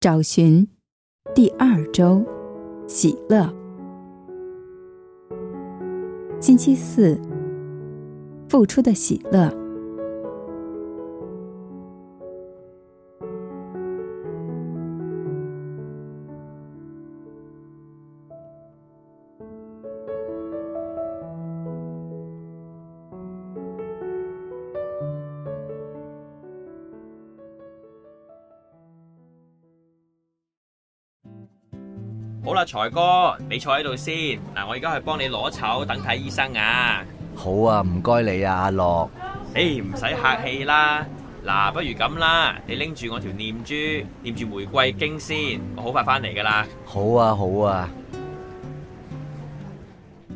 找尋第二周喜樂，星期四付出的喜樂。好啦，財哥，你坐喺度先。嗱，我而家去幫你攞籌，等睇醫生啊。好啊，唔該你啊，阿樂。誒，唔使客氣啦。嗱，啊，不如咁啦，你拎住我條念珠，念住玫瑰經先，我好快返嚟㗎啦。好啊，好啊。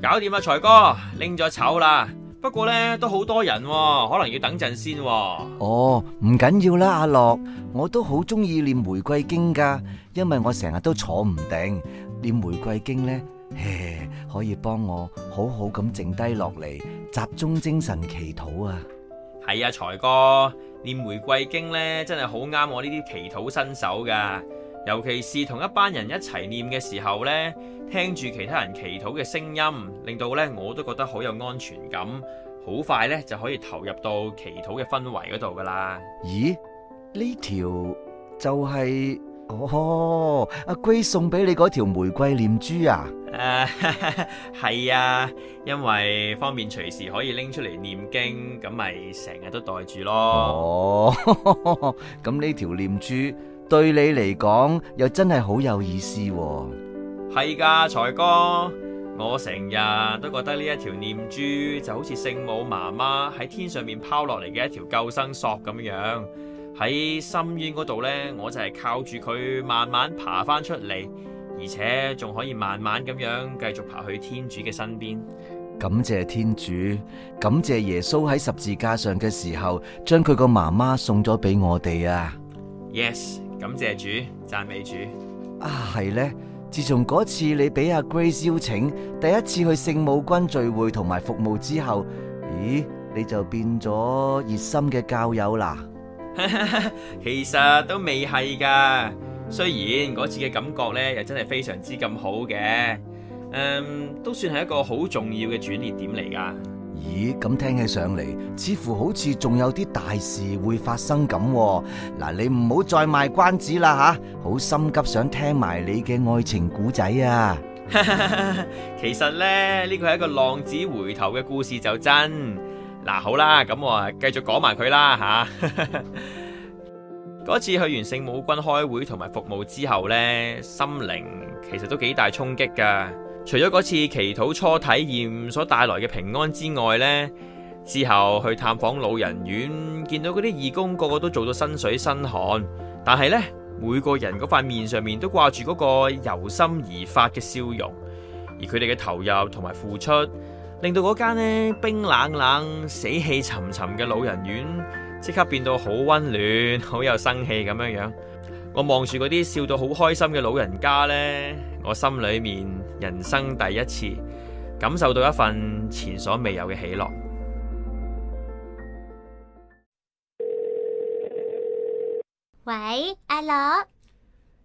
搞掂啊，財哥，拎咗籌啦。不過咧，都好多人，可能要等陣先喎。哦，哦，唔緊要啦，阿樂，我都好中意念玫瑰經噶，因為我成日都坐唔定，念玫瑰經咧，嘿，可以幫我好好咁靜低落嚟，集中精神祈禱啊。係啊，財哥，念玫瑰經咧，真係好啱我呢啲祈禱新手噶。尤其是同一班人一齊念嘅時候呢，聽住其他人祈禱嘅聲音，令到呢我都覺得好有安全感，好快呢就可以投入到祈禱嘅氛圍嗰度噶啦。咦？呢條就係、是、哦，Grace 送俾你嗰條玫瑰念珠啊？誒、啊，係啊，因為方便隨時可以拎出嚟念經，咁咪成日都袋住咯。哦，咁呢條念珠。對你嚟講又真係好有意思喎。哦，係噶，財哥，我成日都覺得呢一條念珠就好似聖母媽媽喺天上面拋落嚟嘅一條救生索咁樣，喺深淵嗰度呢，我就係靠住佢慢慢爬翻出嚟，而且仲可以慢慢咁樣繼續爬去天主嘅身邊。感謝天主，感謝耶穌喺十字架上嘅時候將佢個媽媽送咗俾我哋啊！Yes。感謝主，讚美主啊，係呢。自從嗰次你俾阿 Grace 邀請，第一次去聖母軍聚會同埋服務之後，咦，你就變咗熱心嘅教友啦。 其實都未係噶，雖然嗰次嘅感覺呢，又真係非常之咁好嘅，嗯，都算係一個好重要嘅轉捩點嚟噶。咦，咁聽起上嚟，似乎好似仲有啲大事會發生咁。嗱，你唔好再賣關子啦，吓，好心急想聽埋你嘅愛情故仔。啊 其實呢，呢個係一個浪子回頭嘅故事就真。嗱，好啦，咁我啊繼續講埋佢啦，吓。嗰次去完聖母軍開會同埋服務之後呢，心靈其實都幾大衝擊噶。除咗嗰次祈禱初體驗所帶來嘅平安之外呢，之後去探訪老人院，見到嗰啲義工個個都做到身水身汗，但係呢，每個人嗰塊面上面都掛住嗰個由心而發嘅笑容，而佢哋嘅投入同埋付出，令到嗰間呢冰冷冷、死氣沉沉嘅老人院即刻變到好溫暖、好有生氣咁樣樣。我望住嗰啲笑到好開心嘅老人家呢。我心裏面人生第一次感受到一份前所未有嘅喜樂。喂，阿樂？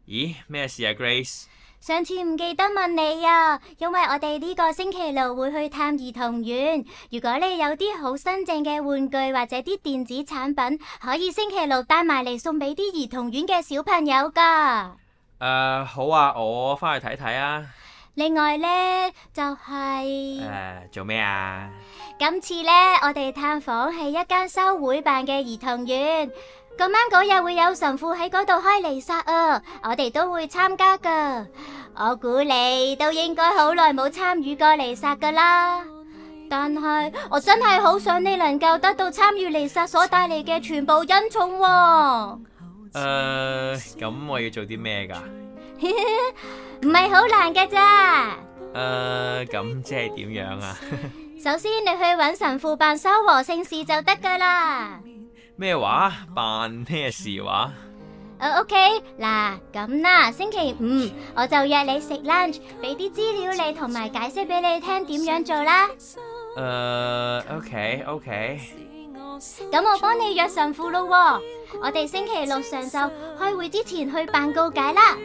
咦，咩事啊，Grace？上次唔記得問你啊，因為我哋呢個星期六會去探兒童院，如果你有啲好新淨嘅玩具或者啲電子產品，可以星期六帶埋嚟送俾啲兒童院嘅小朋友噶。誒、呃，好啊，我返去睇睇啊。另外呢，就係、是、誒、呃，做咩啊？今次呢，我哋探訪係一間修會辦嘅兒童院。今晚嗰日會有神父喺嗰度開彌撒啊，我哋都會參加噶。我估你都應該好耐冇參與過彌撒噶啦。但係我真係好想你能夠得到參與彌撒所帶嚟嘅全部恩寵啊。誒，咁我要做啲咩噶？唔係好難噶咋。誒，咁即係點樣啊？首先你去揾神父辦修和聖事就得噶啦。咩話？辦咩事話？誒，OK，嗱，咁啦，星期五我就約你食 lunch，俾啲資料你同埋解釋俾你聽點樣做啦。誒，OK，OK。咁我幫你約神父咯，我哋星期六上晝開會之前去辦告解啦。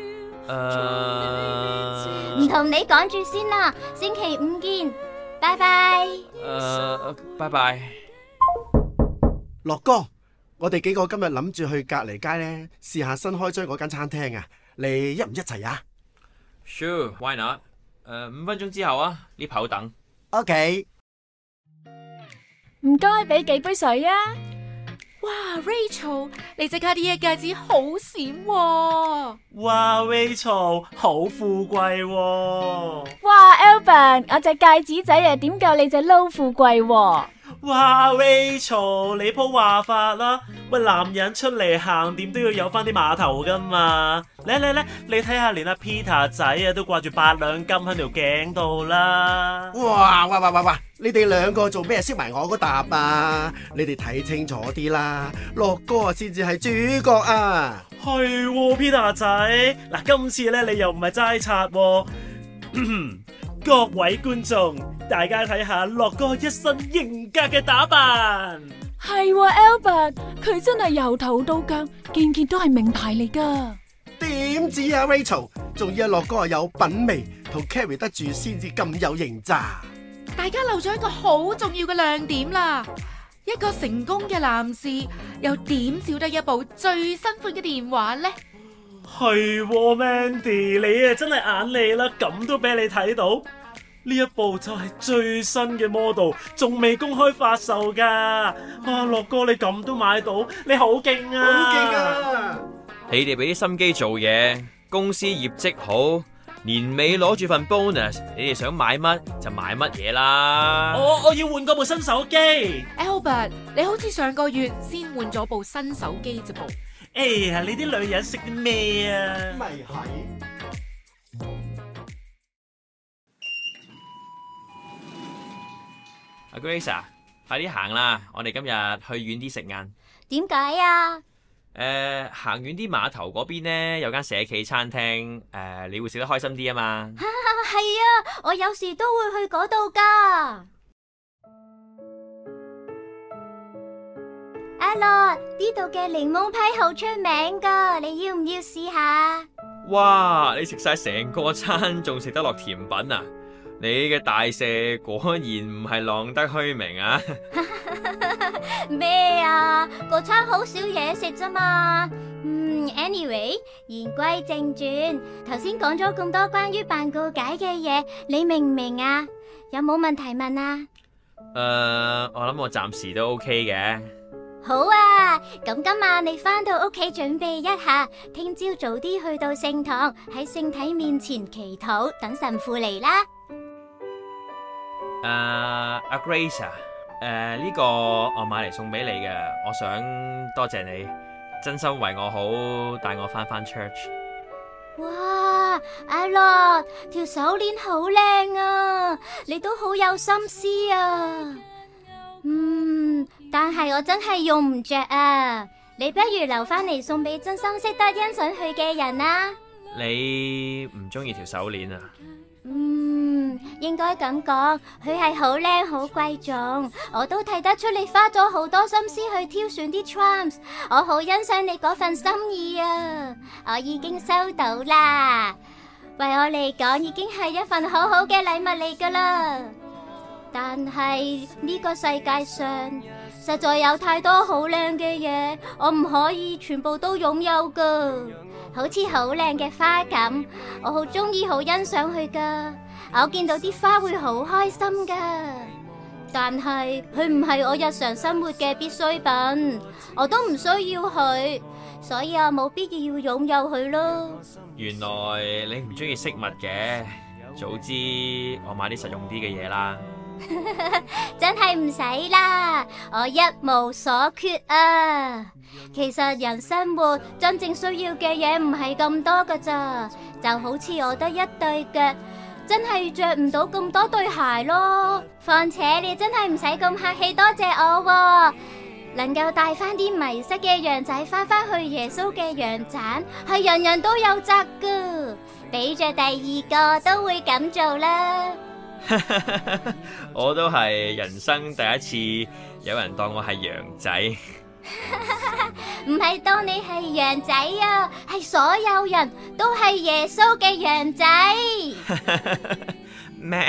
誒，唔同你講住先啦，星期五見，拜拜。誒，拜拜。樂哥，我哋幾個今日諗住去隔籬街咧試下新開張嗰間餐廳啊，你一唔一齊啊？Sure，Why not？誒，五分鐘之後啊，lift 口等。Okay。唔該，俾幾杯水啊！哇，Rachel，你隻 Cartier 戒指好閃喎、哦！哇，Rachel 好富貴喎、哦！哇，Albert，我隻戒指仔啊，點夠你隻撈富貴、哦？哇魏曹，Rachel, 你鋪話法啦，喂，男人出嚟行點都要有返啲碼頭㗎嘛，嚟嚟嚟，你睇下連阿 Peter 仔啊都掛住八兩金喺條頸度啦，哇，哇哇哇你哋兩個做咩識埋我嗰答啊？你哋睇清楚啲啦，樂哥啊先至係主角啊，係、啊、，Peter 仔，嗱，今次咧你又唔係齋擦喎、啊。 各位觀眾，大家睇下樂哥一身型格嘅打扮。係啊，Albert，佢真係由頭到腳件件都係名牌嚟噶。點止啊 Rachel，仲要阿樂哥有品味，同 carry 得住先至咁有型咋。大家漏咗一個好重要嘅亮點啦！一個成功嘅男士又點少得一部最新款嘅電話呢？係，啊，Mandy，你啊，真係眼利啦，咁都俾你睇到。呢一部就係最新嘅 model，仲未公開發售噶。啊，樂哥，你咁都買到，你好勁啊！好勁啊！你哋俾啲心機做嘢，公司業績好，年尾攞住份 bonus，你哋想買乜就買乜嘢啦。我我要換嗰部新手機。Albert，你好似上個月先換咗部新手機啫？部哎呀，係你啲女人食啲咩啊？咪係阿 Grace 啊，快啲行啦！我哋今日去遠啲食晏。為什麼呃、走點解啊？誒，行遠啲碼頭嗰邊咧，有間社企餐廳誒、呃，你會食得開心啲啊嘛。係啊，啊，我有時都會去嗰度㗎。阿樂，呢度嘅檸檬批好出名噶，你要唔要試下？哇！你食晒成個餐，仲食得落甜品啊？你嘅大食果然唔係浪得虛名啊！咩 啊？個餐好少嘢食咋嘛？嗯，anyway，言歸正傳，頭先講咗咁多關於辦告解嘅嘢，你明唔明啊？有冇問題問啊？誒、呃，我諗我暫時都 OK 嘅。好啊，咁今晚你翻到屋企準備一下，聽朝早啲去到聖堂喺聖體面前祈禱，等神父嚟啦。誒，阿 Grace，誒呢個我買嚟送俾你嘅，我想多謝你，真心為我好，帶我翻翻 Church。哇，阿樂條手鏈好靚啊，你都好有心思啊。嗯。但係我真係用唔着啊！你不如留翻嚟送俾真心識得欣賞佢嘅人啊。你唔中意條手鏈啊？嗯，應該咁講，佢係好靚、好貴重，我都睇得出你花咗好多心思去挑選啲 t r u m s 我好欣賞你嗰份心意啊！我已經收到啦，為我嚟講，已經係一份很好好嘅禮物嚟噶啦。但係呢、這個世界上，實在有太多好靚嘅嘢，我唔可以全部都擁有噶。好似好靚嘅花咁,我好中意、好欣賞佢噶。我見到啲花會好開心噶，但係佢唔係我日常生活嘅必需品，我都唔需要佢，所以我冇必要擁有佢咯。原來你唔中意飾物嘅，早知我買啲實用啲嘅嘢啦。 真係唔使啦，我一無所缺啊！其實人生活真正需要嘅嘢唔係咁多噶咋，就好似我得一對腳，真係着唔到咁多對鞋咯。況且你真係唔使咁客氣，多謝我、啊、能夠帶翻啲迷失嘅羊仔翻返去耶穌嘅羊棧，係人人都有責噶，俾着第二個都會咁做啦。 我都係人生第一次有人當我係羊仔。唔係當你係羊仔啊，係所有人都係耶穌嘅羊仔。咩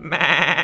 咩？